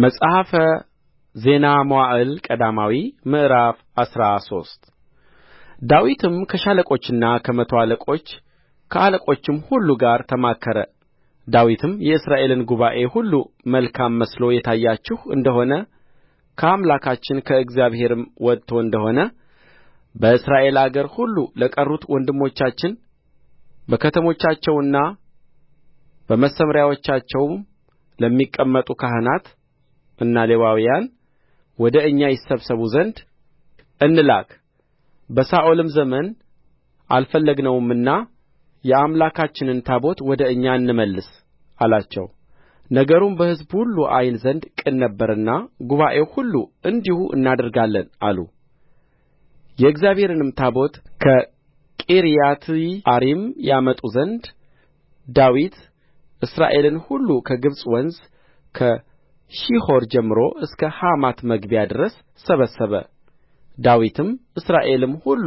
መጽሐፈ ዜና መዋዕል ቀዳማዊ ምዕራፍ አስራ ሶስት ዳዊትም ከሻለቆችና ከመቶ አለቆች ከአለቆችም ሁሉ ጋር ተማከረ። ዳዊትም የእስራኤልን ጉባኤ ሁሉ መልካም መስሎ የታያችሁ እንደሆነ ከአምላካችን ከእግዚአብሔርም ወጥቶ እንደሆነ በእስራኤል አገር ሁሉ ለቀሩት ወንድሞቻችን በከተሞቻቸውና በመሰምሪያዎቻቸውም ለሚቀመጡ ካህናት እና ሌዋውያን ወደ እኛ ይሰበሰቡ ዘንድ እንላክ በሳኦልም ዘመን አልፈለግነውምና የአምላካችንን ታቦት ወደ እኛ እንመልስ አላቸው ነገሩም በሕዝቡ ሁሉ ዓይን ዘንድ ቅን ነበርና ጉባኤው ሁሉ እንዲሁ እናደርጋለን አሉ የእግዚአብሔርንም ታቦት ከቂርያትይዓሪም ያመጡ ዘንድ ዳዊት እስራኤልን ሁሉ ከግብጽ ወንዝ ሺሖር ጀምሮ እስከ ሐማት መግቢያ ድረስ ሰበሰበ ዳዊትም እስራኤልም ሁሉ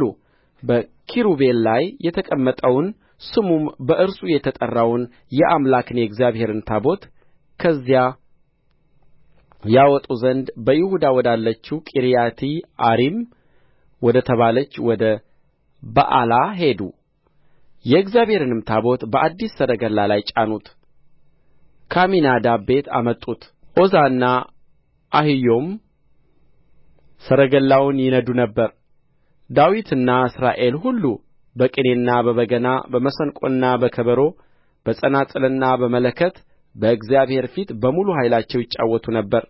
በኪሩቤል ላይ የተቀመጠውን ስሙም በእርሱ የተጠራውን የአምላክን የእግዚአብሔርን ታቦት ከዚያ ያወጡ ዘንድ በይሁዳ ወዳለችው ቂርያትይዓሪም ወደ ተባለች ወደ በኣላ ሄዱ። የእግዚአብሔርንም ታቦት በአዲስ ሰረገላ ላይ ጫኑት፣ ከአሚናዳብ ቤት አመጡት። ዖዛና አሒዮም ሰረገላውን ይነዱ ነበር ዳዊትና እስራኤል ሁሉ በቅኔና በበገና በመሰንቆና በከበሮ በጸናጽልና በመለከት በእግዚአብሔር ፊት በሙሉ ኃይላቸው ይጫወቱ ነበር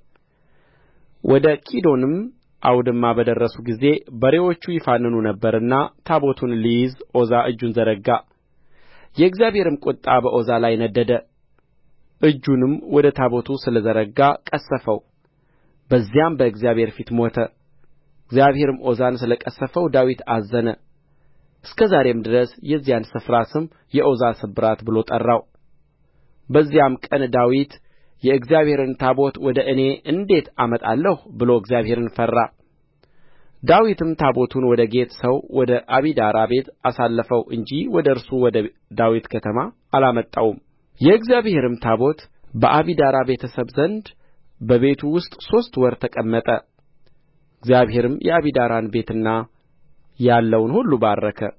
ወደ ኪዶንም አውድማ በደረሱ ጊዜ በሬዎቹ ይፋንኑ ነበርና ታቦቱን ሊይዝ ዖዛ እጁን ዘረጋ የእግዚአብሔርም ቍጣ በዖዛ ላይ ነደደ እጁንም ወደ ታቦቱ ስለ ዘረጋ ቀሠፈው በዚያም በእግዚአብሔር ፊት ሞተ እግዚአብሔርም ዖዛን ስለ ቀሠፈው ዳዊት አዘነ እስከ ዛሬም ድረስ የዚያን ስፍራ ስም የዖዛ ስብራት ብሎ ጠራው በዚያም ቀን ዳዊት የእግዚአብሔርን ታቦት ወደ እኔ እንዴት አመጣለሁ ብሎ እግዚአብሔርን ፈራ ዳዊትም ታቦቱን ወደ ጌት ሰው ወደ አቢዳራ ቤት አሳለፈው እንጂ ወደ እርሱ ወደ ዳዊት ከተማ አላመጣውም የእግዚአብሔርም ታቦት በአቢዳራ ቤተሰብ ዘንድ በቤቱ ውስጥ ሦስት ወር ተቀመጠ እግዚአብሔርም የአቢዳራን ቤትና ያለውን ሁሉ ባረከ